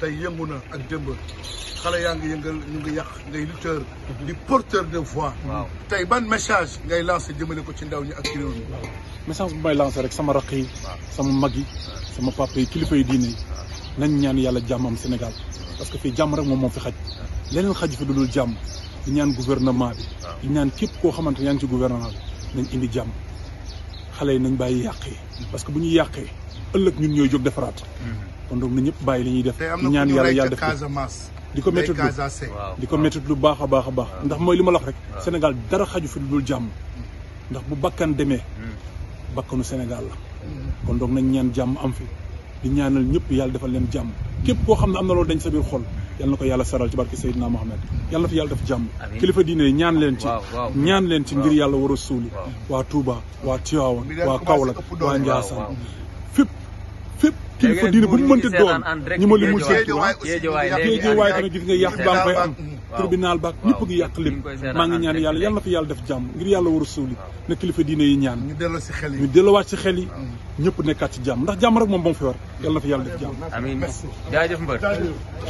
tey yëngu na ak démb xale yaa ngi yëngal ñu ngi yàq ngay lutteur di porteur de voix tey ban message ngay lancé jëmale ko ci ndaw ñi ak ci réew message bu may lancé rek sama rakk yi sama mag yi sama papa yi kilifa yi diine yi nañ ñaan yàlla jàmmam Sénégal parce que fii jàmm rek moom moom fi xaj leneen xaj fi du dul jàmm ñaan gouvernement bi di ñaan képp koo xamante yaa ngi ci gouvernement bi nañ indi jàmm xale yi nañ bàyyi yàq yi parce que bu ñuy yàqee ëllëg ñun ñooy jóg defaraat hmm. kon donc na ñëpp bàyyi li ñuy def ñaan yàlla yàlla def di ko métti di ko métti lu baax a baax a baax ndax mooy li ma la wax rek Sénégal dara xaju fi lu dul jàmm hmm. ndax bu bakkan demee hmm. bakkanu Sénégal la hmm. kon donc nañ ñaan jàmm am fi di ñaanal ñëpp yàlla defal leen jàmm képp koo xam ne am na loolu dañ sa biir xol yal na ko yàlla saral ci barke Seydina Mohamed yàlla na fi yàlla def jàmm kilifa diine ñaan leen ci ñaan leen ci ngir yàlla war a suuli waa Touba waa Tivaouane waa Kaolack waa Ndiassane kilifa diine bu mu mënta doon ñi ma limul seen turam géejewaay tamit gis nga yàq baa nga fay am tribunal ba ñëpp ngi yàq lépp maa ngi ñaan yàlla yàlla na fi yàlla def jàmm ngir yàlla war a suuli na kilifa diine yi ñaan ñu delluwaat si xel yi ñëpp nekkaat ci jàmm ndax jàmm rek moom ba mu fi war yàlla na fi yàlla def jàmm amiin jaajëf mbër